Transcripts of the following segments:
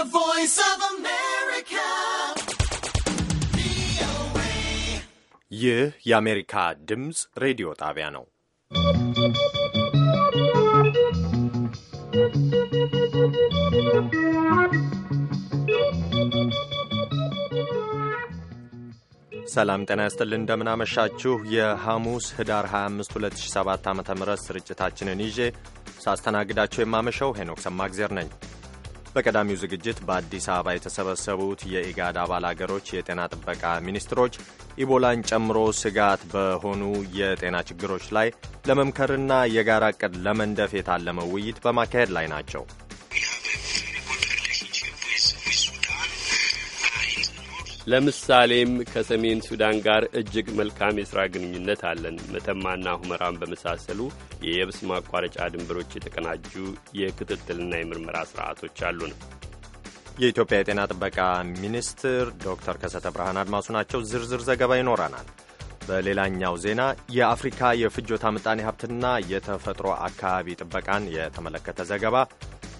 The voice of America. ይህ የአሜሪካ ድምፅ ሬዲዮ ጣቢያ ነው። ሰላም ጤና ይስጥልን። እንደምናመሻችሁ የሐሙስ ህዳር 25 2007 ዓ ም ስርጭታችንን ይዤ ሳስተናግዳቸው የማመሸው ሄኖክ ሰማግዜር ነኝ። በቀዳሚው ዝግጅት በአዲስ አበባ የተሰበሰቡት የኢጋድ አባል አገሮች የጤና ጥበቃ ሚኒስትሮች ኢቦላን ጨምሮ ስጋት በሆኑ የጤና ችግሮች ላይ ለመምከርና የጋራ ዕቅድ ለመንደፍ የታለመ ውይይት በማካሄድ ላይ ናቸው። ለምሳሌም ከሰሜን ሱዳን ጋር እጅግ መልካም የሥራ ግንኙነት አለን። መተማና ሁመራን በመሳሰሉ የየብስ ማቋረጫ ድንበሮች የተቀናጁ የክትትልና የምርመራ ስርዓቶች አሉን። የኢትዮጵያ የጤና ጥበቃ ሚኒስትር ዶክተር ከሰተ ብርሃን አድማሱ ናቸው። ዝርዝር ዘገባ ይኖረናል። በሌላኛው ዜና የአፍሪካ የፍጆታ ምጣኔ ሀብትና የተፈጥሮ አካባቢ ጥበቃን የተመለከተ ዘገባ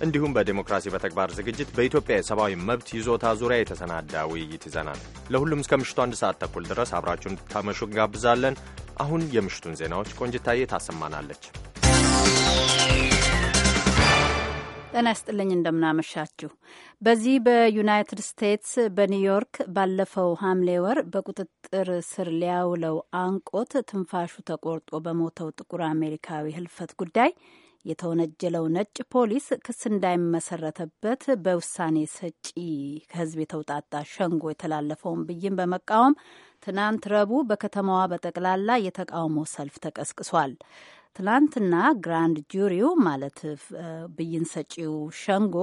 እንዲሁም በዴሞክራሲ በተግባር ዝግጅት በኢትዮጵያ የሰብአዊ መብት ይዞታ ዙሪያ የተሰናዳ ውይይት ይዘናል። ለሁሉም እስከ ምሽቱ አንድ ሰዓት ተኩል ድረስ አብራችሁን ታመሹ እንጋብዛለን። አሁን የምሽቱን ዜናዎች ቆንጅታዬ ታሰማናለች። ጤና ይስጥልኝ እንደምናመሻችሁ። በዚህ በዩናይትድ ስቴትስ በኒውዮርክ ባለፈው ሐምሌ ወር በቁጥጥር ስር ሊያውለው አንቆት ትንፋሹ ተቆርጦ በሞተው ጥቁር አሜሪካዊ ሕልፈት ጉዳይ የተወነጀለው ነጭ ፖሊስ ክስ እንዳይመሰረተበት በውሳኔ ሰጪ ከህዝብ የተውጣጣ ሸንጎ የተላለፈውን ብይን በመቃወም ትናንት ረቡዕ በከተማዋ በጠቅላላ የተቃውሞ ሰልፍ ተቀስቅሷል። ትናንትና ግራንድ ጁሪው ማለት ብይን ሰጪው ሸንጎ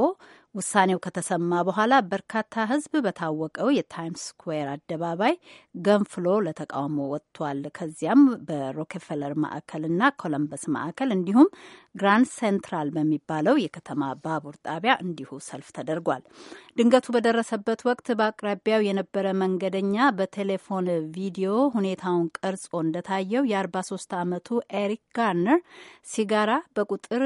ውሳኔው ከተሰማ በኋላ በርካታ ሕዝብ በታወቀው የታይምስ ስኩዌር አደባባይ ገንፍሎ ለተቃውሞ ወጥቷል። ከዚያም በሮኬፈለር ማዕከልና ኮለምበስ ማዕከል እንዲሁም ግራንድ ሴንትራል በሚባለው የከተማ ባቡር ጣቢያ እንዲሁ ሰልፍ ተደርጓል። ድንገቱ በደረሰበት ወቅት በአቅራቢያው የነበረ መንገደኛ በቴሌፎን ቪዲዮ ሁኔታውን ቀርጾ እንደታየው የ43 ዓመቱ ኤሪክ ጋርነር ሲጋራ በቁጥር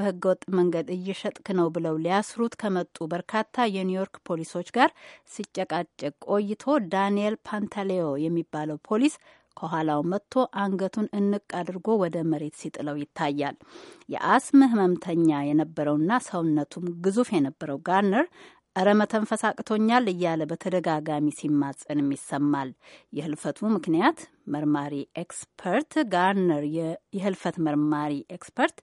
በህገወጥ መንገድ እየሸጥክ ነው ብለው ሊያስሩት ከመጡ በርካታ የኒውዮርክ ፖሊሶች ጋር ሲጨቃጨቅ ቆይቶ ዳንኤል ፓንታሌዮ የሚባለው ፖሊስ ከኋላው መጥቶ አንገቱን እንቅ አድርጎ ወደ መሬት ሲጥለው ይታያል። የአስም ህመምተኛ የነበረውና ሰውነቱም ግዙፍ የነበረው ጋርነር እረ መተንፈስ አቅቶኛል እያለ በተደጋጋሚ ሲማጸንም ይሰማል። የህልፈቱ ምክንያት መርማሪ ኤክስፐርት ጋርነር የህልፈት መርማሪ ኤክስፐርት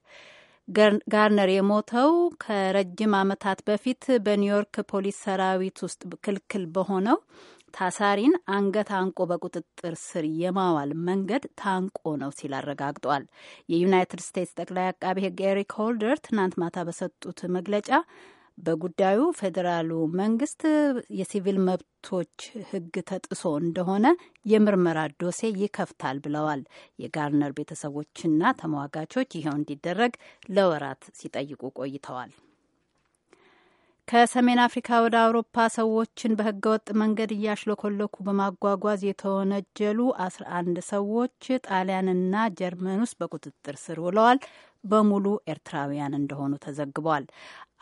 ጋርነር የሞተው ከረጅም ዓመታት በፊት በኒውዮርክ ፖሊስ ሰራዊት ውስጥ ክልክል በሆነው ታሳሪን አንገት አንቆ በቁጥጥር ስር የማዋል መንገድ ታንቆ ነው ሲል አረጋግጧል። የዩናይትድ ስቴትስ ጠቅላይ አቃቤ ሕግ ኤሪክ ሆልደር ትናንት ማታ በሰጡት መግለጫ በጉዳዩ ፌዴራሉ መንግስት የሲቪል መብቶች ሕግ ተጥሶ እንደሆነ የምርመራ ዶሴ ይከፍታል ብለዋል። የጋርነር ቤተሰቦችና ተሟጋቾች ይኸው እንዲደረግ ለወራት ሲጠይቁ ቆይተዋል። ከሰሜን አፍሪካ ወደ አውሮፓ ሰዎችን በህገወጥ መንገድ እያሽለኮለኩ በማጓጓዝ የተወነጀሉ አስራ አንድ ሰዎች ጣሊያንና ጀርመን ውስጥ በቁጥጥር ስር ውለዋል። በሙሉ ኤርትራውያን እንደሆኑ ተዘግቧል።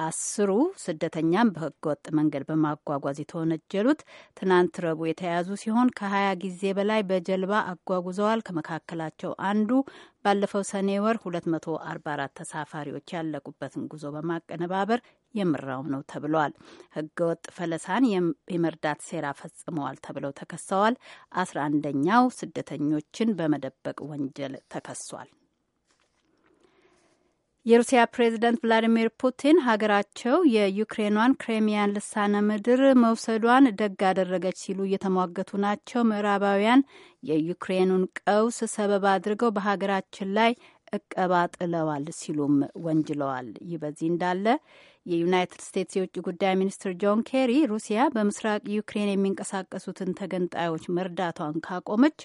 አስሩ ስደተኛም በህገወጥ መንገድ በማጓጓዝ የተወነጀሉት ትናንት ረቡዕ የተያዙ ሲሆን ከሀያ ጊዜ በላይ በጀልባ አጓጉዘዋል። ከመካከላቸው አንዱ ባለፈው ሰኔ ወር 244 ተሳፋሪዎች ያለቁበትን ጉዞ በማቀነባበር የምራው ነው ተብሏል። ህገወጥ ፈለሳን የመርዳት ሴራ ፈጽመዋል ተብለው ተከሰዋል። አስራ አንደኛው ስደተኞችን በመደበቅ ወንጀል ተከሷል። የሩሲያ ፕሬዝደንት ቭላዲሚር ፑቲን ሀገራቸው የዩክሬኗን ክሬሚያን ልሳነ ምድር መውሰዷን ደግ አደረገች ሲሉ እየተሟገቱ ናቸው። ምዕራባውያን የዩክሬኑን ቀውስ ሰበብ አድርገው በሀገራችን ላይ እቀባ ጥለዋል ሲሉም ወንጅለዋል። ይህ በዚህ እንዳለ የዩናይትድ ስቴትስ የውጭ ጉዳይ ሚኒስትር ጆን ኬሪ ሩሲያ በምስራቅ ዩክሬን የሚንቀሳቀሱትን ተገንጣዮች መርዳቷን ካቆመች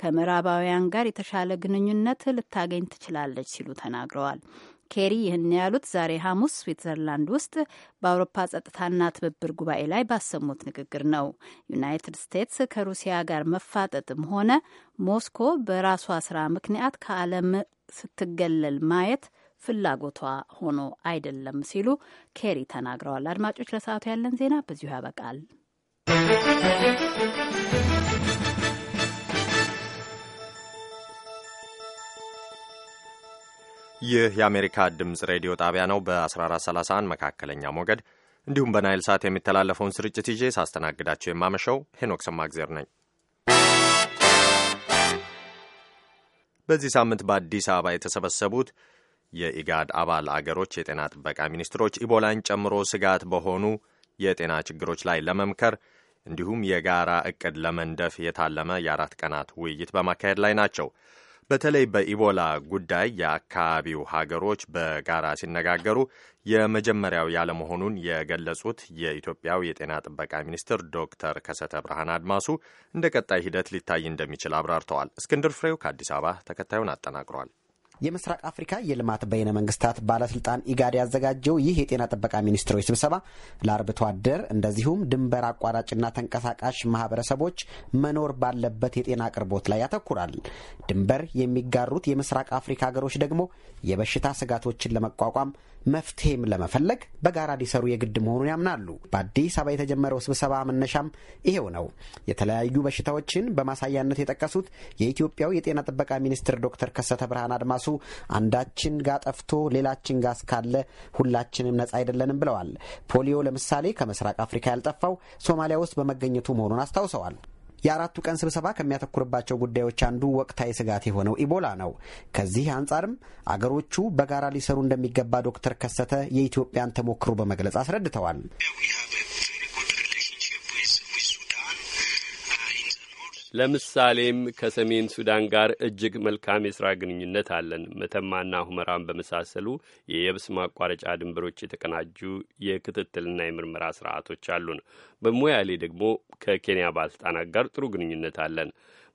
ከምዕራባውያን ጋር የተሻለ ግንኙነት ልታገኝ ትችላለች ሲሉ ተናግረዋል። ኬሪ ይህን ያሉት ዛሬ ሐሙስ ስዊትዘርላንድ ውስጥ በአውሮፓ ጸጥታና ትብብር ጉባኤ ላይ ባሰሙት ንግግር ነው። ዩናይትድ ስቴትስ ከሩሲያ ጋር መፋጠጥም ሆነ ሞስኮ በራሷ ስራ ምክንያት ከዓለም ስትገለል ማየት ፍላጎቷ ሆኖ አይደለም ሲሉ ኬሪ ተናግረዋል። አድማጮች፣ ለሰዓቱ ያለን ዜና በዚሁ ያበቃል። ይህ የአሜሪካ ድምፅ ሬዲዮ ጣቢያ ነው። በ1431 መካከለኛ ሞገድ እንዲሁም በናይል ሳት የሚተላለፈውን ስርጭት ይዤ ሳስተናግዳቸው የማመሸው ሄኖክ ሰማግዜር ነኝ። በዚህ ሳምንት በአዲስ አበባ የተሰበሰቡት የኢጋድ አባል አገሮች የጤና ጥበቃ ሚኒስትሮች ኢቦላን ጨምሮ ስጋት በሆኑ የጤና ችግሮች ላይ ለመምከር እንዲሁም የጋራ እቅድ ለመንደፍ የታለመ የአራት ቀናት ውይይት በማካሄድ ላይ ናቸው። በተለይ በኢቦላ ጉዳይ የአካባቢው ሀገሮች በጋራ ሲነጋገሩ የመጀመሪያው ያለመሆኑን የገለጹት የኢትዮጵያው የጤና ጥበቃ ሚኒስትር ዶክተር ከሰተ ብርሃን አድማሱ እንደ ቀጣይ ሂደት ሊታይ እንደሚችል አብራርተዋል። እስክንድር ፍሬው ከአዲስ አበባ ተከታዩን አጠናቅሯል። የምስራቅ አፍሪካ የልማት በይነ መንግስታት ባለስልጣን ኢጋድ ያዘጋጀው ይህ የጤና ጥበቃ ሚኒስትሮች ስብሰባ ለአርብቶ አደር እንደዚሁም ድንበር አቋራጭና ተንቀሳቃሽ ማህበረሰቦች መኖር ባለበት የጤና አቅርቦት ላይ ያተኩራል። ድንበር የሚጋሩት የምስራቅ አፍሪካ ሀገሮች ደግሞ የበሽታ ስጋቶችን ለመቋቋም መፍትሄም ለመፈለግ በጋራ ሊሰሩ የግድ መሆኑን ያምናሉ። በአዲስ አበባ የተጀመረው ስብሰባ መነሻም ይሄው ነው። የተለያዩ በሽታዎችን በማሳያነት የጠቀሱት የኢትዮጵያው የጤና ጥበቃ ሚኒስትር ዶክተር ከሰተ ብርሃን አድማሱ አንዳችን ጋ ጠፍቶ ሌላችን ጋ እስካለ ሁላችንም ነጻ አይደለንም ብለዋል። ፖሊዮ ለምሳሌ ከምስራቅ አፍሪካ ያልጠፋው ሶማሊያ ውስጥ በመገኘቱ መሆኑን አስታውሰዋል። የአራቱ ቀን ስብሰባ ከሚያተኩርባቸው ጉዳዮች አንዱ ወቅታዊ ስጋት የሆነው ኢቦላ ነው። ከዚህ አንጻርም አገሮቹ በጋራ ሊሰሩ እንደሚገባ ዶክተር ከሰተ የኢትዮጵያን ተሞክሮ በመግለጽ አስረድተዋል። ለምሳሌም ከሰሜን ሱዳን ጋር እጅግ መልካም የሥራ ግንኙነት አለን። መተማና ሁመራን በመሳሰሉ የየብስ ማቋረጫ ድንበሮች የተቀናጁ የክትትልና የምርመራ ስርዓቶች አሉን። በሞያሌ ደግሞ ከኬንያ ባለስልጣናት ጋር ጥሩ ግንኙነት አለን።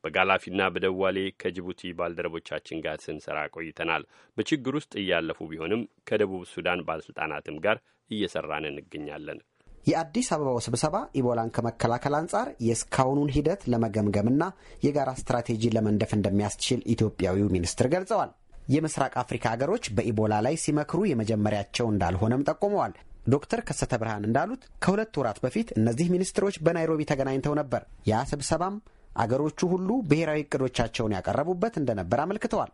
በጋላፊና በደዋሌ ከጅቡቲ ባልደረቦቻችን ጋር ስንሰራ ቆይተናል። በችግር ውስጥ እያለፉ ቢሆንም ከደቡብ ሱዳን ባለሥልጣናትም ጋር እየሰራን እንገኛለን። የአዲስ አበባው ስብሰባ ኢቦላን ከመከላከል አንጻር የእስካሁኑን ሂደት ለመገምገምና የጋራ ስትራቴጂ ለመንደፍ እንደሚያስችል ኢትዮጵያዊው ሚኒስትር ገልጸዋል። የምስራቅ አፍሪካ ሀገሮች በኢቦላ ላይ ሲመክሩ የመጀመሪያቸው እንዳልሆነም ጠቁመዋል። ዶክተር ከሰተ ብርሃን እንዳሉት ከሁለት ወራት በፊት እነዚህ ሚኒስትሮች በናይሮቢ ተገናኝተው ነበር። ያ ስብሰባም አገሮቹ ሁሉ ብሔራዊ እቅዶቻቸውን ያቀረቡበት እንደነበር አመልክተዋል።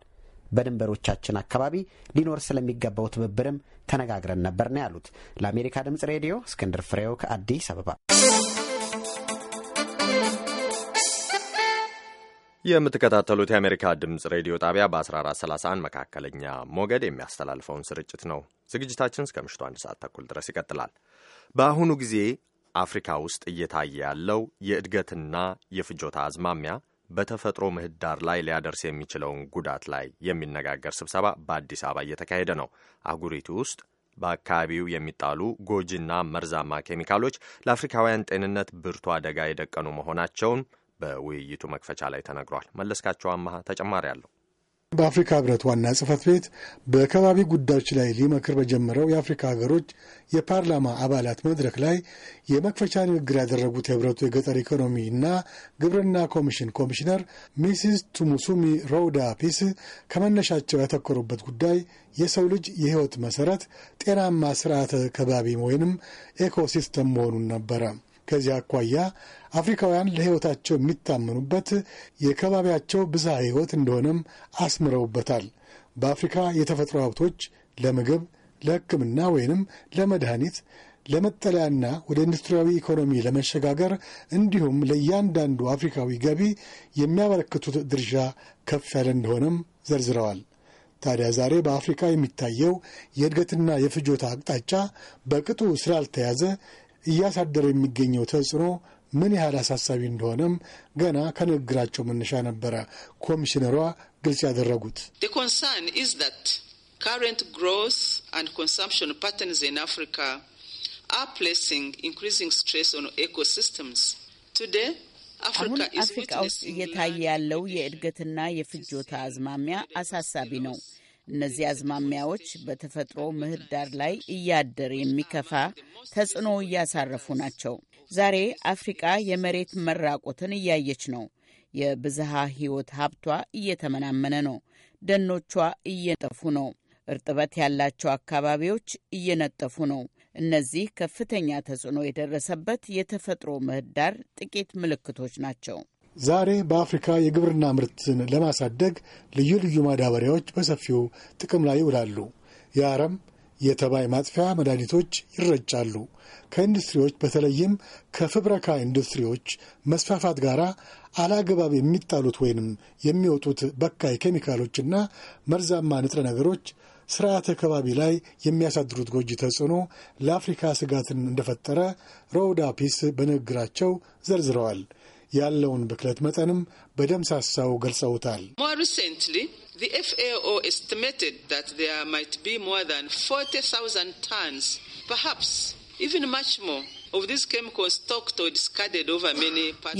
በድንበሮቻችን አካባቢ ሊኖር ስለሚገባው ትብብርም ተነጋግረን ነበር ነው ያሉት። ለአሜሪካ ድምጽ ሬዲዮ እስክንድር ፍሬው ከአዲስ አበባ። የምትከታተሉት የአሜሪካ ድምፅ ሬዲዮ ጣቢያ በ1431 መካከለኛ ሞገድ የሚያስተላልፈውን ስርጭት ነው። ዝግጅታችን እስከ ምሽቱ አንድ ሰዓት ተኩል ድረስ ይቀጥላል። በአሁኑ ጊዜ አፍሪካ ውስጥ እየታየ ያለው የእድገትና የፍጆታ አዝማሚያ በተፈጥሮ ምህዳር ላይ ሊያደርስ የሚችለውን ጉዳት ላይ የሚነጋገር ስብሰባ በአዲስ አበባ እየተካሄደ ነው። አህጉሪቱ ውስጥ በአካባቢው የሚጣሉ ጎጂና መርዛማ ኬሚካሎች ለአፍሪካውያን ጤንነት ብርቱ አደጋ የደቀኑ መሆናቸውን በውይይቱ መክፈቻ ላይ ተነግሯል። መለስካቸው አማሃ ተጨማሪ አለው። በአፍሪካ ህብረት ዋና ጽህፈት ቤት በከባቢ ጉዳዮች ላይ ሊመክር በጀመረው የአፍሪካ ሀገሮች የፓርላማ አባላት መድረክ ላይ የመክፈቻ ንግግር ያደረጉት የህብረቱ የገጠር ኢኮኖሚ እና ግብርና ኮሚሽን ኮሚሽነር ሚሲስ ቱሙሱሚ ሮውዳ ፒስ ከመነሻቸው ያተኮሩበት ጉዳይ የሰው ልጅ የህይወት መሰረት ጤናማ ስርዓተ ከባቢ ወይንም ኤኮሲስተም መሆኑን ነበረ። ከዚህ አኳያ አፍሪካውያን ለሕይወታቸው የሚታመኑበት የከባቢያቸው ብዝሃ ሕይወት እንደሆነም አስምረውበታል። በአፍሪካ የተፈጥሮ ሀብቶች ለምግብ፣ ለሕክምና ወይንም ለመድኃኒት ለመጠለያና ወደ ኢንዱስትሪያዊ ኢኮኖሚ ለመሸጋገር እንዲሁም ለእያንዳንዱ አፍሪካዊ ገቢ የሚያበረክቱት ድርሻ ከፍ ያለ እንደሆነም ዘርዝረዋል። ታዲያ ዛሬ በአፍሪካ የሚታየው የእድገትና የፍጆታ አቅጣጫ በቅጡ ስላልተያዘ እያሳደረ የሚገኘው ተጽዕኖ ምን ያህል አሳሳቢ እንደሆነም ገና ከንግግራቸው መነሻ ነበረ ኮሚሽነሯ ግልጽ ያደረጉት። አሁን አፍሪካ ውስጥ እየታየ ያለው የእድገትና የፍጆታ አዝማሚያ አሳሳቢ ነው። እነዚህ አዝማሚያዎች በተፈጥሮ ምህዳር ላይ እያደር የሚከፋ ተጽዕኖ እያሳረፉ ናቸው። ዛሬ አፍሪቃ የመሬት መራቆትን እያየች ነው። የብዝሃ ሕይወት ሀብቷ እየተመናመነ ነው። ደኖቿ እየጠፉ ነው። እርጥበት ያላቸው አካባቢዎች እየነጠፉ ነው። እነዚህ ከፍተኛ ተጽዕኖ የደረሰበት የተፈጥሮ ምህዳር ጥቂት ምልክቶች ናቸው። ዛሬ በአፍሪካ የግብርና ምርትን ለማሳደግ ልዩ ልዩ ማዳበሪያዎች በሰፊው ጥቅም ላይ ይውላሉ። የአረም የተባይ ማጥፊያ መድኃኒቶች ይረጫሉ። ከኢንዱስትሪዎች በተለይም ከፍብረካ ኢንዱስትሪዎች መስፋፋት ጋር አላግባብ የሚጣሉት ወይንም የሚወጡት በካይ ኬሚካሎችና መርዛማ ንጥረ ነገሮች ስርዓተ ከባቢ ላይ የሚያሳድሩት ጎጂ ተጽዕኖ ለአፍሪካ ስጋትን እንደፈጠረ ሮውዳ ፒስ በንግግራቸው ዘርዝረዋል። ያለውን ብክለት መጠንም በደምሳሳው ገልጸውታል።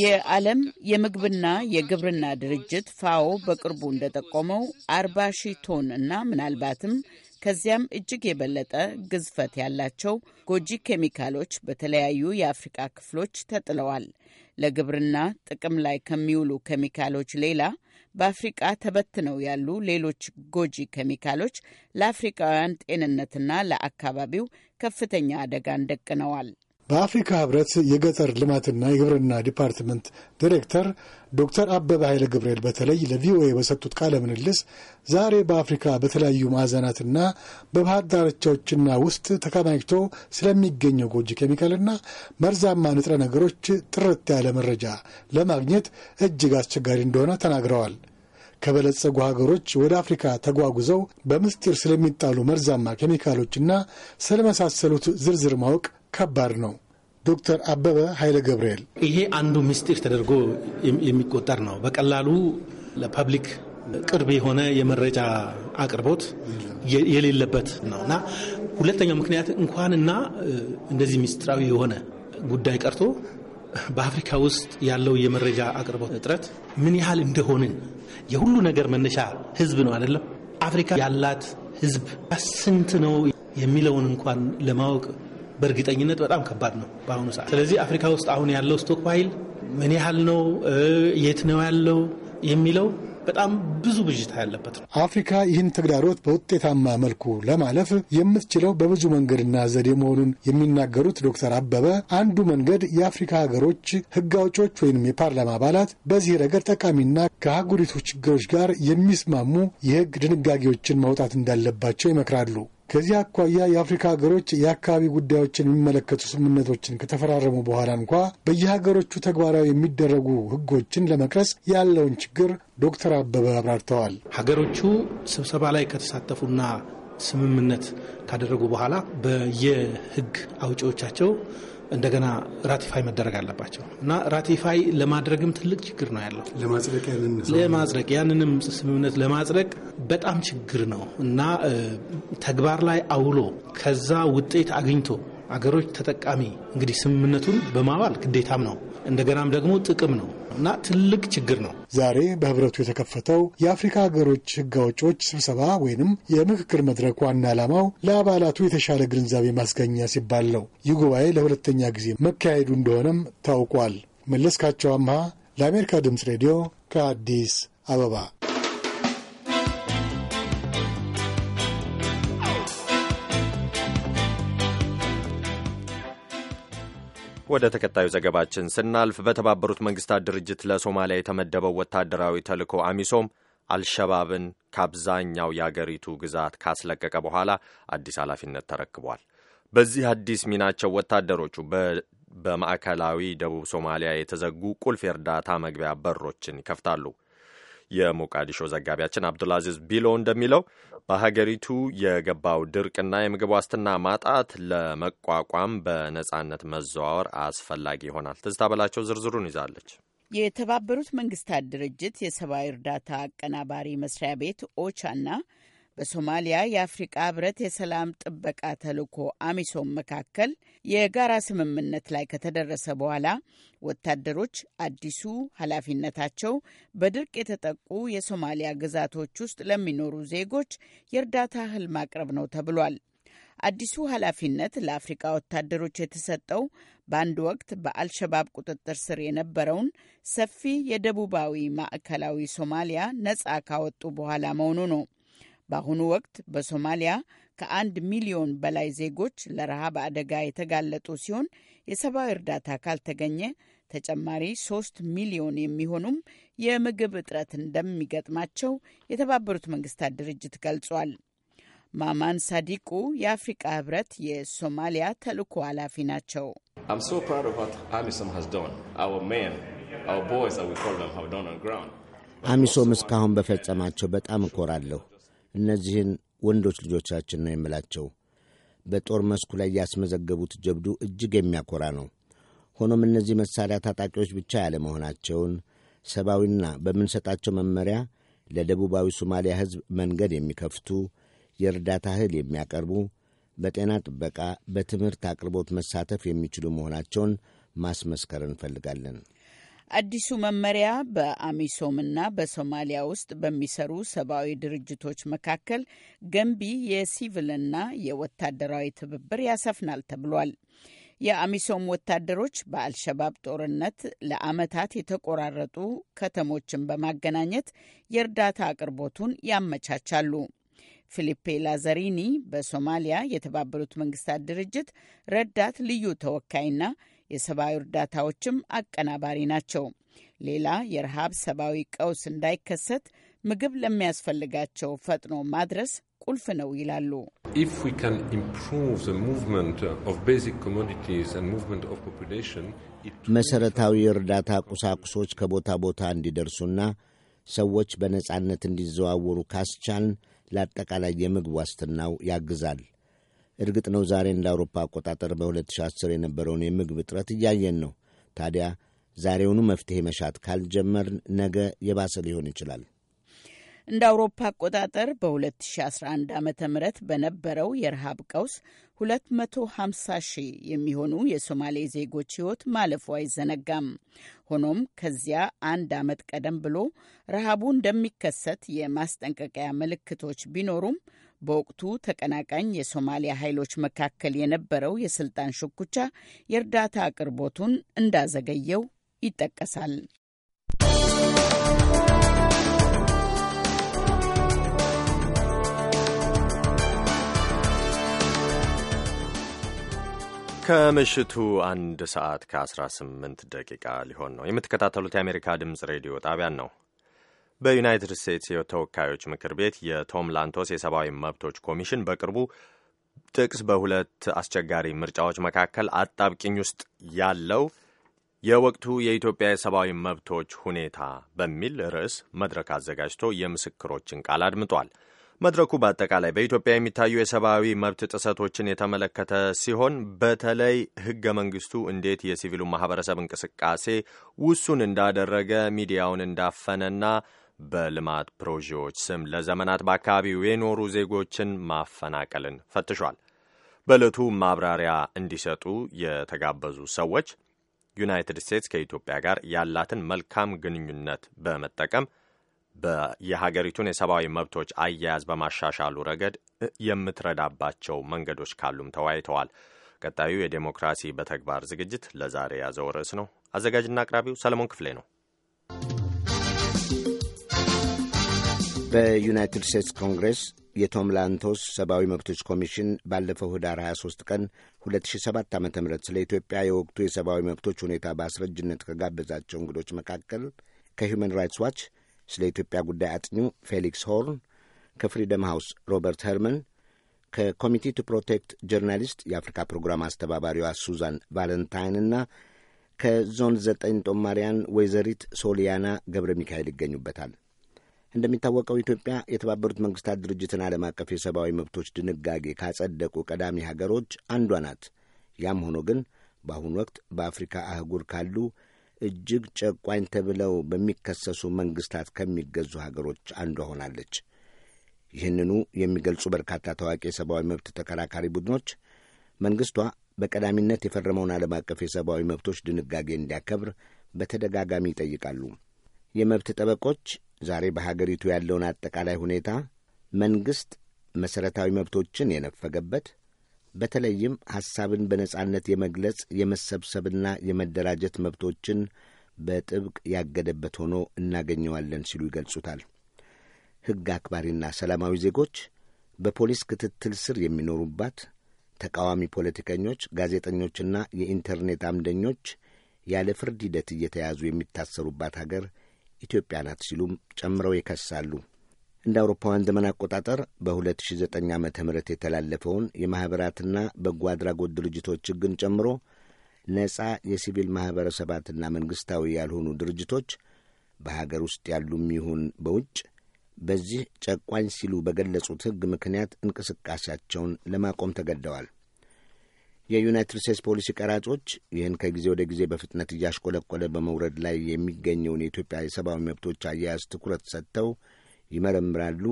የዓለም የምግብና የግብርና ድርጅት ፋኦ በቅርቡ እንደጠቆመው አርባ ሺህ ቶን እና ምናልባትም ከዚያም እጅግ የበለጠ ግዝፈት ያላቸው ጎጂ ኬሚካሎች በተለያዩ የአፍሪቃ ክፍሎች ተጥለዋል። ለግብርና ጥቅም ላይ ከሚውሉ ኬሚካሎች ሌላ በአፍሪቃ ተበትነው ያሉ ሌሎች ጎጂ ኬሚካሎች ለአፍሪቃውያን ጤንነትና ለአካባቢው ከፍተኛ አደጋን ደቅነዋል። በአፍሪካ ህብረት የገጠር ልማትና የግብርና ዲፓርትመንት ዲሬክተር ዶክተር አበበ ኃይለ ገብርኤል በተለይ ለቪኦኤ በሰጡት ቃለ ምልልስ ዛሬ በአፍሪካ በተለያዩ ማዕዘናትና በባህር ዳርቻዎችና ውስጥ ተከማችቶ ስለሚገኘው ጎጂ ኬሚካልና መርዛማ ንጥረ ነገሮች ጥርት ያለ መረጃ ለማግኘት እጅግ አስቸጋሪ እንደሆነ ተናግረዋል። ከበለጸጉ ሀገሮች ወደ አፍሪካ ተጓጉዘው በምስጢር ስለሚጣሉ መርዛማ ኬሚካሎችና ስለመሳሰሉት ዝርዝር ማወቅ ከባድ ነው። ዶክተር አበበ ኃይለ ገብርኤል ይሄ አንዱ ምስጢር ተደርጎ የሚቆጠር ነው። በቀላሉ ለፐብሊክ ቅርብ የሆነ የመረጃ አቅርቦት የሌለበት ነው እና ሁለተኛው ምክንያት እንኳንና እንደዚህ ምስጢራዊ የሆነ ጉዳይ ቀርቶ በአፍሪካ ውስጥ ያለው የመረጃ አቅርቦት እጥረት ምን ያህል እንደሆንን የሁሉ ነገር መነሻ ህዝብ ነው አይደለም። አፍሪካ ያላት ህዝብ ስንት ነው የሚለውን እንኳን ለማወቅ በእርግጠኝነት በጣም ከባድ ነው በአሁኑ ሰዓት። ስለዚህ አፍሪካ ውስጥ አሁን ያለው ስቶክ ፓይል ምን ያህል ነው፣ የት ነው ያለው የሚለው በጣም ብዙ ብዥታ ያለበት ነው። አፍሪካ ይህን ተግዳሮት በውጤታማ መልኩ ለማለፍ የምትችለው በብዙ መንገድና ዘዴ መሆኑን የሚናገሩት ዶክተር አበበ አንዱ መንገድ የአፍሪካ ሀገሮች ሕግ አውጪዎች ወይም የፓርላማ አባላት በዚህ ረገድ ጠቃሚና ከአህጉሪቱ ችግሮች ጋር የሚስማሙ የሕግ ድንጋጌዎችን ማውጣት እንዳለባቸው ይመክራሉ። ከዚህ አኳያ የአፍሪካ ሀገሮች የአካባቢ ጉዳዮችን የሚመለከቱ ስምምነቶችን ከተፈራረሙ በኋላ እንኳ በየሀገሮቹ ተግባራዊ የሚደረጉ ሕጎችን ለመቅረጽ ያለውን ችግር ዶክተር አበበ አብራርተዋል። ሀገሮቹ ስብሰባ ላይ ከተሳተፉና ስምምነት ካደረጉ በኋላ በየህግ አውጪዎቻቸው እንደገና ራቲፋይ መደረግ አለባቸው እና ራቲፋይ ለማድረግም ትልቅ ችግር ነው ያለው ለማጽደቅ ያንንም ስምምነት ለማጽደቅ በጣም ችግር ነው እና ተግባር ላይ አውሎ ከዛ ውጤት አግኝቶ አገሮች ተጠቃሚ እንግዲህ ስምምነቱን በማዋል ግዴታም ነው እንደገናም ደግሞ ጥቅም ነው እና ትልቅ ችግር ነው። ዛሬ በህብረቱ የተከፈተው የአፍሪካ ሀገሮች ህግ አውጪዎች ስብሰባ ወይንም የምክክር መድረክ ዋና ዓላማው ለአባላቱ የተሻለ ግንዛቤ ማስገኛ ሲባል ነው። ይህ ጉባኤ ለሁለተኛ ጊዜ መካሄዱ እንደሆነም ታውቋል። መለስካቸው አምሃ ለአሜሪካ ድምፅ ሬዲዮ ከአዲስ አበባ ወደ ተከታዩ ዘገባችን ስናልፍ በተባበሩት መንግስታት ድርጅት ለሶማሊያ የተመደበው ወታደራዊ ተልዕኮ አሚሶም አልሸባብን ከአብዛኛው የአገሪቱ ግዛት ካስለቀቀ በኋላ አዲስ ኃላፊነት ተረክቧል። በዚህ አዲስ ሚናቸው ወታደሮቹ በማዕከላዊ ደቡብ ሶማሊያ የተዘጉ ቁልፍ የእርዳታ መግቢያ በሮችን ይከፍታሉ። የሞቃዲሾ ዘጋቢያችን አብዱልአዚዝ ቢሎ እንደሚለው በሀገሪቱ የገባው ድርቅና የምግብ ዋስትና ማጣት ለመቋቋም በነጻነት መዘዋወር አስፈላጊ ይሆናል። ትዝታ በላቸው ዝርዝሩን ይዛለች። የተባበሩት መንግስታት ድርጅት የሰብአዊ እርዳታ አቀናባሪ መስሪያ ቤት ኦቻ በሶማሊያ የአፍሪቃ ህብረት የሰላም ጥበቃ ተልኮ አሚሶም መካከል የጋራ ስምምነት ላይ ከተደረሰ በኋላ ወታደሮች አዲሱ ኃላፊነታቸው በድርቅ የተጠቁ የሶማሊያ ግዛቶች ውስጥ ለሚኖሩ ዜጎች የእርዳታ እህል ማቅረብ ነው ተብሏል። አዲሱ ኃላፊነት ለአፍሪቃ ወታደሮች የተሰጠው በአንድ ወቅት በአልሸባብ ቁጥጥር ስር የነበረውን ሰፊ የደቡባዊ ማዕከላዊ ሶማሊያ ነጻ ካወጡ በኋላ መሆኑ ነው። በአሁኑ ወቅት በሶማሊያ ከአንድ ሚሊዮን በላይ ዜጎች ለረሃብ አደጋ የተጋለጡ ሲሆን የሰብአዊ እርዳታ ካልተገኘ ተጨማሪ ሶስት ሚሊዮን የሚሆኑም የምግብ እጥረት እንደሚገጥማቸው የተባበሩት መንግስታት ድርጅት ገልጿል። ማማን ሳዲቁ የአፍሪቃ ህብረት የሶማሊያ ተልእኮ ኃላፊ ናቸው። አሚሶም እስካሁን በፈጸማቸው በጣም እኮራለሁ። እነዚህን ወንዶች ልጆቻችን ነው የምላቸው። በጦር መስኩ ላይ ያስመዘገቡት ጀብዱ እጅግ የሚያኮራ ነው። ሆኖም እነዚህ መሳሪያ ታጣቂዎች ብቻ ያለመሆናቸውን ሰብአዊና በምንሰጣቸው መመሪያ ለደቡባዊ ሶማሊያ ሕዝብ መንገድ የሚከፍቱ የእርዳታ እህል የሚያቀርቡ በጤና ጥበቃ፣ በትምህርት አቅርቦት መሳተፍ የሚችሉ መሆናቸውን ማስመስከር እንፈልጋለን። አዲሱ መመሪያ በአሚሶምና በሶማሊያ ውስጥ በሚሰሩ ሰብአዊ ድርጅቶች መካከል ገንቢ የሲቪልና የወታደራዊ ትብብር ያሰፍናል ተብሏል። የአሚሶም ወታደሮች በአልሸባብ ጦርነት ለዓመታት የተቆራረጡ ከተሞችን በማገናኘት የእርዳታ አቅርቦቱን ያመቻቻሉ። ፊሊፔ ላዘሪኒ በሶማሊያ የተባበሩት መንግስታት ድርጅት ረዳት ልዩ ተወካይና የሰብአዊ እርዳታዎችም አቀናባሪ ናቸው። ሌላ የረሃብ ሰብአዊ ቀውስ እንዳይከሰት ምግብ ለሚያስፈልጋቸው ፈጥኖ ማድረስ ቁልፍ ነው ይላሉ። መሰረታዊ እርዳታ ቁሳቁሶች ከቦታ ቦታ እንዲደርሱና ሰዎች በነጻነት እንዲዘዋወሩ ካስቻልን ለአጠቃላይ የምግብ ዋስትናው ያግዛል። እርግጥ ነው ዛሬ እንደ አውሮፓ አቆጣጠር በ2010 የነበረውን የምግብ እጥረት እያየን ነው። ታዲያ ዛሬውኑ መፍትሄ መሻት ካልጀመር ነገ የባሰ ሊሆን ይችላል። እንደ አውሮፓ አቆጣጠር በ2011 ዓ ም በነበረው የረሃብ ቀውስ 250 ሺህ የሚሆኑ የሶማሌ ዜጎች ሕይወት ማለፉ አይዘነጋም። ሆኖም ከዚያ አንድ ዓመት ቀደም ብሎ ረሃቡ እንደሚከሰት የማስጠንቀቂያ ምልክቶች ቢኖሩም በወቅቱ ተቀናቃኝ የሶማሊያ ኃይሎች መካከል የነበረው የስልጣን ሽኩቻ የእርዳታ አቅርቦቱን እንዳዘገየው ይጠቀሳል። ከምሽቱ አንድ ሰዓት ከ18 ደቂቃ ሊሆን ነው። የምትከታተሉት የአሜሪካ ድምፅ ሬዲዮ ጣቢያን ነው። በዩናይትድ ስቴትስ የተወካዮች ምክር ቤት የቶም ላንቶስ የሰብአዊ መብቶች ኮሚሽን በቅርቡ ጥቅስ በሁለት አስቸጋሪ ምርጫዎች መካከል አጣብቂኝ ውስጥ ያለው የወቅቱ የኢትዮጵያ የሰብአዊ መብቶች ሁኔታ በሚል ርዕስ መድረክ አዘጋጅቶ የምስክሮችን ቃል አድምጧል። መድረኩ በአጠቃላይ በኢትዮጵያ የሚታዩ የሰብአዊ መብት ጥሰቶችን የተመለከተ ሲሆን በተለይ ሕገ መንግስቱ እንዴት የሲቪሉ ማህበረሰብ እንቅስቃሴ ውሱን እንዳደረገ ሚዲያውን እንዳፈነና በልማት ፕሮጂዎች ስም ለዘመናት በአካባቢው የኖሩ ዜጎችን ማፈናቀልን ፈትሿል። በዕለቱ ማብራሪያ እንዲሰጡ የተጋበዙ ሰዎች ዩናይትድ ስቴትስ ከኢትዮጵያ ጋር ያላትን መልካም ግንኙነት በመጠቀም የሀገሪቱን የሰብአዊ መብቶች አያያዝ በማሻሻሉ ረገድ የምትረዳባቸው መንገዶች ካሉም ተወያይተዋል። ቀጣዩ የዴሞክራሲ በተግባር ዝግጅት ለዛሬ ያዘው ርዕስ ነው። አዘጋጅና አቅራቢው ሰለሞን ክፍሌ ነው። በዩናይትድ ስቴትስ ኮንግሬስ የቶም ላንቶስ ሰብአዊ መብቶች ኮሚሽን ባለፈው ህዳር 23 ቀን 2007 ዓ ም ስለ ኢትዮጵያ የወቅቱ የሰብአዊ መብቶች ሁኔታ በአስረጅነት ከጋበዛቸው እንግዶች መካከል ከሂውማን ራይትስ ዋች ስለ ኢትዮጵያ ጉዳይ አጥኚው ፌሊክስ ሆርን፣ ከፍሪደም ሃውስ ሮበርት ሄርመን፣ ከኮሚቴ ቱ ፕሮቴክት ጀርናሊስት የአፍሪካ ፕሮግራም አስተባባሪዋ ሱዛን እና ከዞን ዘጠኝ ጦማሪያን ወይዘሪት ሶሊያና ገብረ ሚካኤል ይገኙበታል። እንደሚታወቀው ኢትዮጵያ የተባበሩት መንግስታት ድርጅትን ዓለም አቀፍ የሰብአዊ መብቶች ድንጋጌ ካጸደቁ ቀዳሚ ሀገሮች አንዷ ናት። ያም ሆኖ ግን በአሁኑ ወቅት በአፍሪካ አህጉር ካሉ እጅግ ጨቋኝ ተብለው በሚከሰሱ መንግስታት ከሚገዙ ሀገሮች አንዷ ሆናለች። ይህንኑ የሚገልጹ በርካታ ታዋቂ የሰብአዊ መብት ተከራካሪ ቡድኖች መንግስቷ በቀዳሚነት የፈረመውን ዓለም አቀፍ የሰብአዊ መብቶች ድንጋጌ እንዲያከብር በተደጋጋሚ ይጠይቃሉ። የመብት ጠበቆች ዛሬ በሀገሪቱ ያለውን አጠቃላይ ሁኔታ መንግሥት መሠረታዊ መብቶችን የነፈገበት በተለይም ሐሳብን በነጻነት የመግለጽ የመሰብሰብና የመደራጀት መብቶችን በጥብቅ ያገደበት ሆኖ እናገኘዋለን ሲሉ ይገልጹታል። ሕግ አክባሪና ሰላማዊ ዜጎች በፖሊስ ክትትል ስር የሚኖሩባት፣ ተቃዋሚ ፖለቲከኞች፣ ጋዜጠኞችና የኢንተርኔት አምደኞች ያለ ፍርድ ሂደት እየተያዙ የሚታሰሩባት አገር ኢትዮጵያ ናት ሲሉም ጨምረው ይከሳሉ። እንደ አውሮፓውያን ዘመን አቆጣጠር በ2009 ዓ ም የተላለፈውን የማኅበራትና በጎ አድራጎት ድርጅቶች ሕግን ጨምሮ ነጻ የሲቪል ማኅበረሰባትና መንግሥታዊ ያልሆኑ ድርጅቶች በሀገር ውስጥ ያሉም ይሁን በውጭ በዚህ ጨቋኝ ሲሉ በገለጹት ሕግ ምክንያት እንቅስቃሴያቸውን ለማቆም ተገደዋል። የዩናይትድ ስቴትስ ፖሊሲ ቀራጮች ይህን ከጊዜ ወደ ጊዜ በፍጥነት እያሽቆለቆለ በመውረድ ላይ የሚገኘውን የኢትዮጵያ የሰብአዊ መብቶች አያያዝ ትኩረት ሰጥተው ይመረምራሉ፣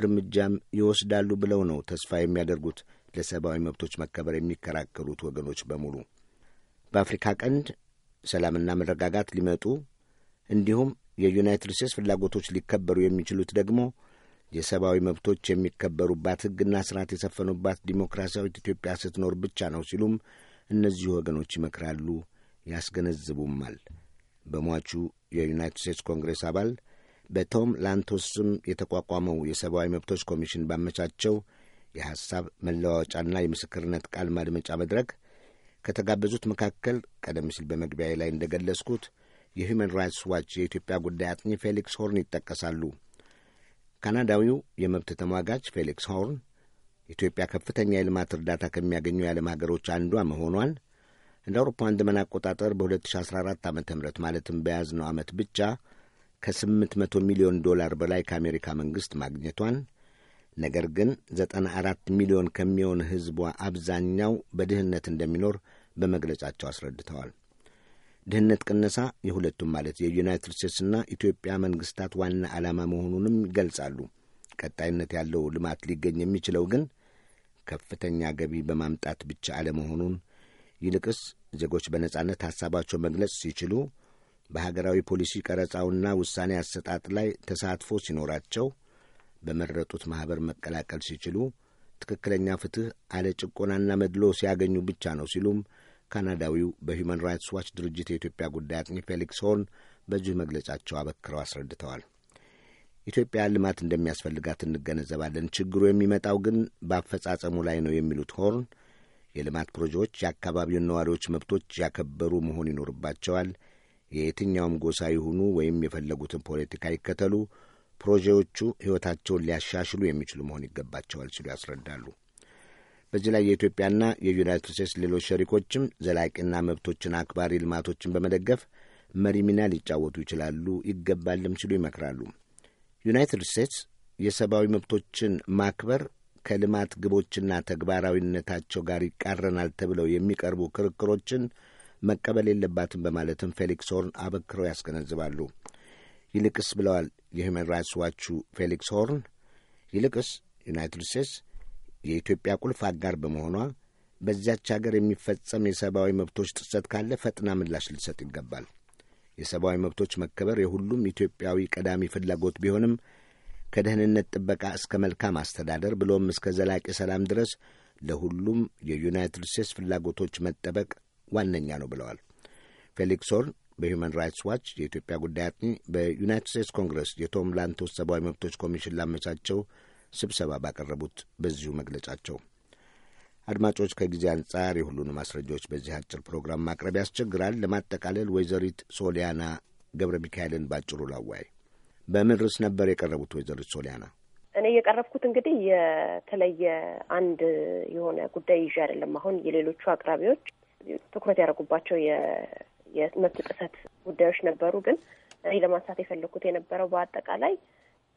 እርምጃም ይወስዳሉ ብለው ነው ተስፋ የሚያደርጉት ለሰብአዊ መብቶች መከበር የሚከራከሩት ወገኖች በሙሉ። በአፍሪካ ቀንድ ሰላምና መረጋጋት ሊመጡ እንዲሁም የዩናይትድ ስቴትስ ፍላጎቶች ሊከበሩ የሚችሉት ደግሞ የሰብአዊ መብቶች የሚከበሩባት ሕግና ስርዓት የሰፈኑባት ዲሞክራሲያዊት ኢትዮጵያ ስትኖር ብቻ ነው ሲሉም እነዚህ ወገኖች ይመክራሉ፣ ያስገነዝቡማል። በሟቹ የዩናይትድ ስቴትስ ኮንግሬስ አባል በቶም ላንቶስ ስም የተቋቋመው የሰብአዊ መብቶች ኮሚሽን ባመቻቸው የሐሳብ መለዋወጫና የምስክርነት ቃል ማድመጫ መድረክ ከተጋበዙት መካከል ቀደም ሲል በመግቢያ ላይ እንደገለጽኩት የሁመን ራይትስ ዋች የኢትዮጵያ ጉዳይ አጥኚ ፌሊክስ ሆርን ይጠቀሳሉ። ካናዳዊው የመብት ተሟጋች ፌሊክስ ሆርን ኢትዮጵያ ከፍተኛ የልማት እርዳታ ከሚያገኙ የዓለም ሀገሮች አንዷ መሆኗን እንደ አውሮፓውያን ዘመን አቆጣጠር በ2014 ዓ ም ማለትም በያዝነው ዓመት ብቻ ከ800 ሚሊዮን ዶላር በላይ ከአሜሪካ መንግሥት ማግኘቷን ነገር ግን 94 ሚሊዮን ከሚሆን ሕዝቧ አብዛኛው በድህነት እንደሚኖር በመግለጫቸው አስረድተዋል። ድህነት ቅነሳ የሁለቱም ማለት የዩናይትድ ስቴትስና ኢትዮጵያ መንግስታት ዋና ዓላማ መሆኑንም ይገልጻሉ። ቀጣይነት ያለው ልማት ሊገኝ የሚችለው ግን ከፍተኛ ገቢ በማምጣት ብቻ አለመሆኑን ይልቅስ ዜጎች በነጻነት ሐሳባቸው መግለጽ ሲችሉ በሀገራዊ ፖሊሲ ቀረጻውና ውሳኔ አሰጣጥ ላይ ተሳትፎ ሲኖራቸው በመረጡት ማኅበር መቀላቀል ሲችሉ ትክክለኛ ፍትሕ አለ ጭቆናና መድሎ ሲያገኙ ብቻ ነው ሲሉም ካናዳዊው በሂውማን ራይትስ ዋች ድርጅት የኢትዮጵያ ጉዳይ አጥኚ ፌሊክስ ሆርን በዚሁ መግለጫቸው አበክረው አስረድተዋል። ኢትዮጵያ ልማት እንደሚያስፈልጋት እንገነዘባለን። ችግሩ የሚመጣው ግን በአፈጻጸሙ ላይ ነው የሚሉት ሆርን የልማት ፕሮጀክቶች የአካባቢውን ነዋሪዎች መብቶች ያከበሩ መሆን ይኖርባቸዋል። የየትኛውም ጎሳ ይሁኑ ወይም የፈለጉትን ፖለቲካ ይከተሉ፣ ፕሮጀክቶቹ ሕይወታቸውን ሊያሻሽሉ የሚችሉ መሆን ይገባቸዋል ሲሉ ያስረዳሉ። በዚህ ላይ የኢትዮጵያና የዩናይትድ ስቴትስ ሌሎች ሸሪኮችም ዘላቂና መብቶችን አክባሪ ልማቶችን በመደገፍ መሪ ሚና ሊጫወቱ ይችላሉ ይገባልም ሲሉ ይመክራሉ። ዩናይትድ ስቴትስ የሰብአዊ መብቶችን ማክበር ከልማት ግቦችና ተግባራዊነታቸው ጋር ይቃረናል ተብለው የሚቀርቡ ክርክሮችን መቀበል የለባትም በማለትም ፌሊክስ ሆርን አበክረው ያስገነዝባሉ። ይልቅስ ብለዋል የሁማን ራይትስ ዋቹ ፌሊክስ ሆርን ይልቅስ ዩናይትድ ስቴትስ የኢትዮጵያ ቁልፍ አጋር በመሆኗ በዚያች አገር የሚፈጸም የሰብአዊ መብቶች ጥሰት ካለ ፈጥና ምላሽ ልትሰጥ ይገባል። የሰብአዊ መብቶች መከበር የሁሉም ኢትዮጵያዊ ቀዳሚ ፍላጎት ቢሆንም ከደህንነት ጥበቃ እስከ መልካም አስተዳደር ብሎም እስከ ዘላቂ ሰላም ድረስ ለሁሉም የዩናይትድ ስቴትስ ፍላጎቶች መጠበቅ ዋነኛ ነው ብለዋል። ፌሊክስ ሆርን በሁማን ራይትስ ዋች የኢትዮጵያ ጉዳይ አጥኚ፣ በዩናይትድ ስቴትስ ኮንግረስ የቶም ላንቶስ ሰብአዊ መብቶች ኮሚሽን ላመቻቸው ስብሰባ ባቀረቡት በዚሁ መግለጫቸው። አድማጮች፣ ከጊዜ አንጻር የሁሉን ማስረጃዎች በዚህ አጭር ፕሮግራም ማቅረብ ያስቸግራል። ለማጠቃለል ወይዘሪት ሶሊያና ገብረ ሚካኤልን ባጭሩ ላዋይ በምን ርዕስ ነበር የቀረቡት? ወይዘሪት ሶሊያና፣ እኔ የቀረብኩት እንግዲህ የተለየ አንድ የሆነ ጉዳይ ይዤ አይደለም። አሁን የሌሎቹ አቅራቢዎች ትኩረት ያደረጉባቸው የመብት ጥሰት ጉዳዮች ነበሩ፣ ግን እኔ ለማንሳት የፈለግኩት የነበረው በአጠቃላይ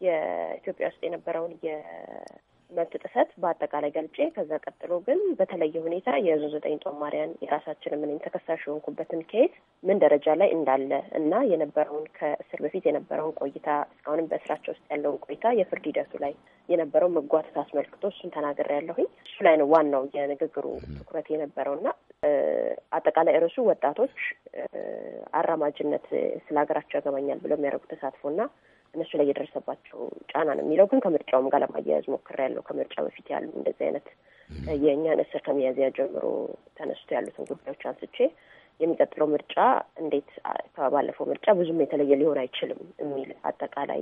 የኢትዮጵያ ውስጥ የነበረውን የመብት ጥሰት በአጠቃላይ ገልጬ ከዛ ቀጥሎ ግን በተለየ ሁኔታ የዞን ዘጠኝ ጦማሪያን የራሳችን ምን ተከሳሽ የሆንኩበትን ከየት ምን ደረጃ ላይ እንዳለ እና የነበረውን ከእስር በፊት የነበረውን ቆይታ እስካሁንም በእስራቸው ውስጥ ያለውን ቆይታ የፍርድ ሂደቱ ላይ የነበረው መጓተት አስመልክቶ እሱን ተናገር ያለሁኝ እሱ ላይ ነው ዋናው የንግግሩ ትኩረት የነበረውና አጠቃላይ ርዕሱ ወጣቶች አራማጅነት ስለ ሀገራቸው ያገባኛል ብለው ተሳትፎ ተሳትፎና እነሱ ላይ የደረሰባቸው ጫና ነው የሚለው ግን ከምርጫውም ጋር ለማያያዝ ያለው ከምርጫ በፊት ያሉ እንደዚህ አይነት የእኛን እስር ከሚያዝያ ጀምሮ ተነስቶ ያሉትን ጉዳዮች አንስቼ የሚቀጥለው ምርጫ እንዴት ከባለፈው ምርጫ ብዙም የተለየ ሊሆን አይችልም የሚል አጠቃላይ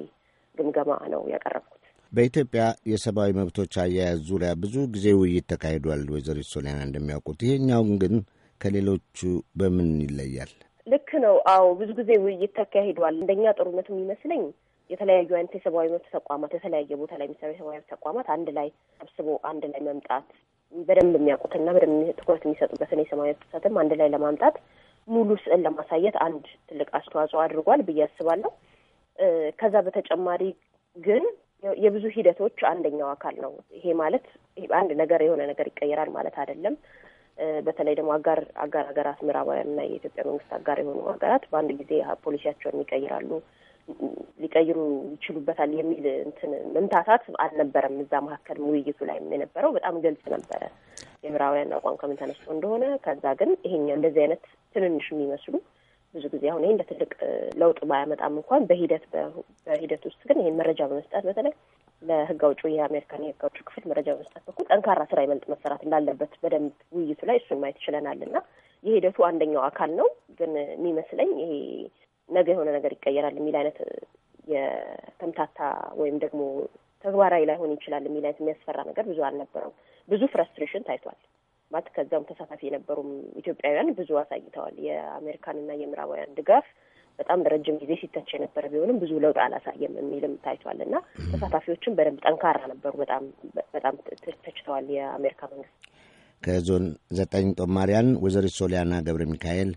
ግምገማ ነው ያቀረብኩት። በኢትዮጵያ የሰብአዊ መብቶች አያያዝ ዙሪያ ብዙ ጊዜ ውይይት ተካሂዷል። ወይዘሮ ሶሊያና እንደሚያውቁት ይሄኛውን ግን ከሌሎቹ በምን ይለያል? ልክ ነው። አዎ ብዙ ጊዜ ውይይት ተካሂዷል። እንደኛ ጥሩነት የሚመስለኝ የተለያዩ አይነት የሰብአዊ መብት ተቋማት የተለያየ ቦታ ላይ የሚሰሩ የሰብአዊ መብት ተቋማት አንድ ላይ ሰብስቦ አንድ ላይ መምጣት በደንብ የሚያውቁትና በደንብ ትኩረት የሚሰጡበትን የሰብአዊ መብት ጥሰትም አንድ ላይ ለማምጣት ሙሉ ስዕል ለማሳየት አንድ ትልቅ አስተዋጽኦ አድርጓል ብዬ አስባለሁ። ከዛ በተጨማሪ ግን የብዙ ሂደቶች አንደኛው አካል ነው። ይሄ ማለት አንድ ነገር የሆነ ነገር ይቀየራል ማለት አይደለም። በተለይ ደግሞ አጋር አጋር ሀገራት ምዕራባውያን እና የኢትዮጵያ መንግስት አጋር የሆኑ ሀገራት በአንድ ጊዜ ፖሊሲያቸውን ይቀይራሉ ሊቀይሩ ይችሉበታል የሚል እንትን መምታታት አልነበረም። እዛ መካከል ውይይቱ ላይ የነበረው በጣም ግልጽ ነበረ የምዕራባውያን አቋም ከምን ተነስቶ እንደሆነ። ከዛ ግን ይሄኛ እንደዚህ አይነት ትንንሽ የሚመስሉ ብዙ ጊዜ አሁን ይሄ እንደ ትልቅ ለውጥ ባያመጣም እንኳን በሂደት በሂደት ውስጥ ግን ይሄን መረጃ በመስጠት በተለይ ለህግ አውጪው የአሜሪካን የህግ አውጪው ክፍል መረጃ በመስጠት በኩል ጠንካራ ስራ ይበልጥ መሰራት እንዳለበት በደንብ ውይይቱ ላይ እሱን ማየት ይችለናል እና የሂደቱ አንደኛው አካል ነው። ግን የሚመስለኝ ይሄ ነገ የሆነ ነገር ይቀየራል የሚል አይነት የተምታታ ወይም ደግሞ ተግባራዊ ላይሆን ይችላል የሚል አይነት የሚያስፈራ ነገር ብዙ አልነበረም። ብዙ ፍረስትሬሽን ታይቷል ማለት ከዛም ተሳታፊ የነበሩም ኢትዮጵያውያን ብዙ አሳይተዋል። የአሜሪካንና የምዕራባውያን ድጋፍ በጣም ረጅም ጊዜ ሲተች የነበረ ቢሆንም ብዙ ለውጥ አላሳየም የሚልም ታይቷል እና ተሳታፊዎችም በደንብ ጠንካራ ነበሩ። በጣም በጣም ተችተዋል የአሜሪካ መንግስት። ከዞን ዘጠኝ ጦማሪያን ወይዘሪት ሶሊያና ገብረ ሚካኤል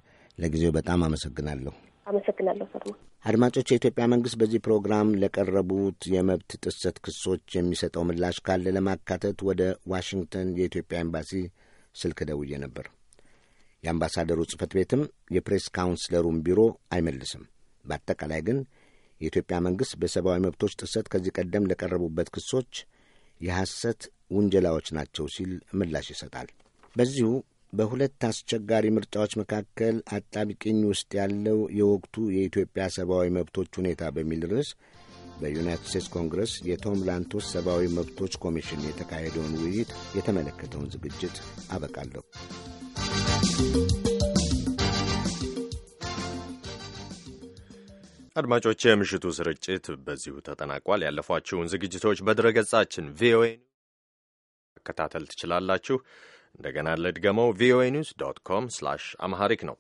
ለጊዜው በጣም አመሰግናለሁ። አመሰግናለሁ ሰለሞን። አድማጮች፣ የኢትዮጵያ መንግስት በዚህ ፕሮግራም ለቀረቡት የመብት ጥሰት ክሶች የሚሰጠው ምላሽ ካለ ለማካተት ወደ ዋሽንግተን የኢትዮጵያ ኤምባሲ ስልክ ደውዬ ነበር። የአምባሳደሩ ጽህፈት ቤትም የፕሬስ ካውንስለሩን ቢሮ አይመልስም። በአጠቃላይ ግን የኢትዮጵያ መንግስት በሰብአዊ መብቶች ጥሰት ከዚህ ቀደም ለቀረቡበት ክሶች የሐሰት ውንጀላዎች ናቸው ሲል ምላሽ ይሰጣል። በዚሁ በሁለት አስቸጋሪ ምርጫዎች መካከል አጣብቂኝ ውስጥ ያለው የወቅቱ የኢትዮጵያ ሰብአዊ መብቶች ሁኔታ በሚል ርዕስ በዩናይትድ ስቴትስ ኮንግረስ የቶም ላንቶስ ሰብአዊ መብቶች ኮሚሽን የተካሄደውን ውይይት የተመለከተውን ዝግጅት አበቃለሁ። አድማጮች፣ የምሽቱ ስርጭት በዚሁ ተጠናቋል። ያለፏችሁን ዝግጅቶች በድረገጻችን ቪኦኤ መከታተል ትችላላችሁ። እንደገና ለድገመው ቪኦኤ ኒውስ ዶት ኮም ስላሽ አምሃሪክ ነው።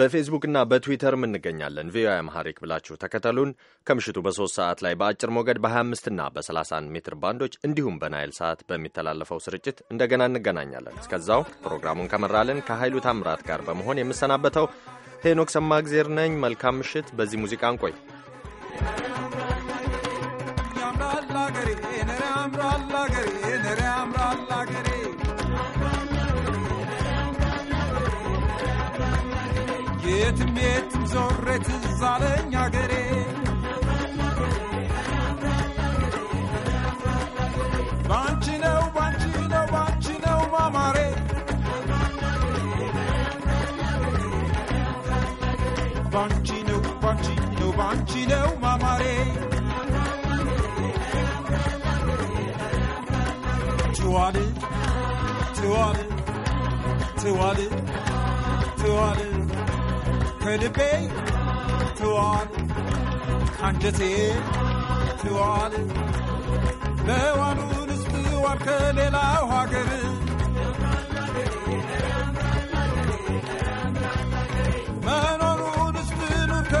በፌስቡክና በትዊተር እንገኛለን። ቪኦኤ አምሃሪክ ብላችሁ ተከተሉን። ከምሽቱ በሶስት ሰዓት ላይ በአጭር ሞገድ በ25ና በ31 ሜትር ባንዶች እንዲሁም በናይል ሰዓት በሚተላለፈው ስርጭት እንደገና እንገናኛለን። እስከዛው ፕሮግራሙን ከመራልን ከኃይሉ ታምራት ጋር በመሆን የምሰናበተው ሄኖክ ሰማግዜር ነኝ። መልካም ምሽት። በዚህ ሙዚቃ እንቆይ። ቤትም ቤትም ዞሬ ትዝ አለኝ አገሬ ባንቺ ነው ባንቺ ነው ባንቺ ነው ማማሬ ባንቺ ነው ባንቺ ነው ባንቺ ነው ማማሬ ትዋል ትዋል ትዋል ትዋል ከልቤ ትዋል አንጀቴ ትዋል ለሔዋኑ ንስት ዋል ከሌላው ሀገር መኖሩ ንስት ኑር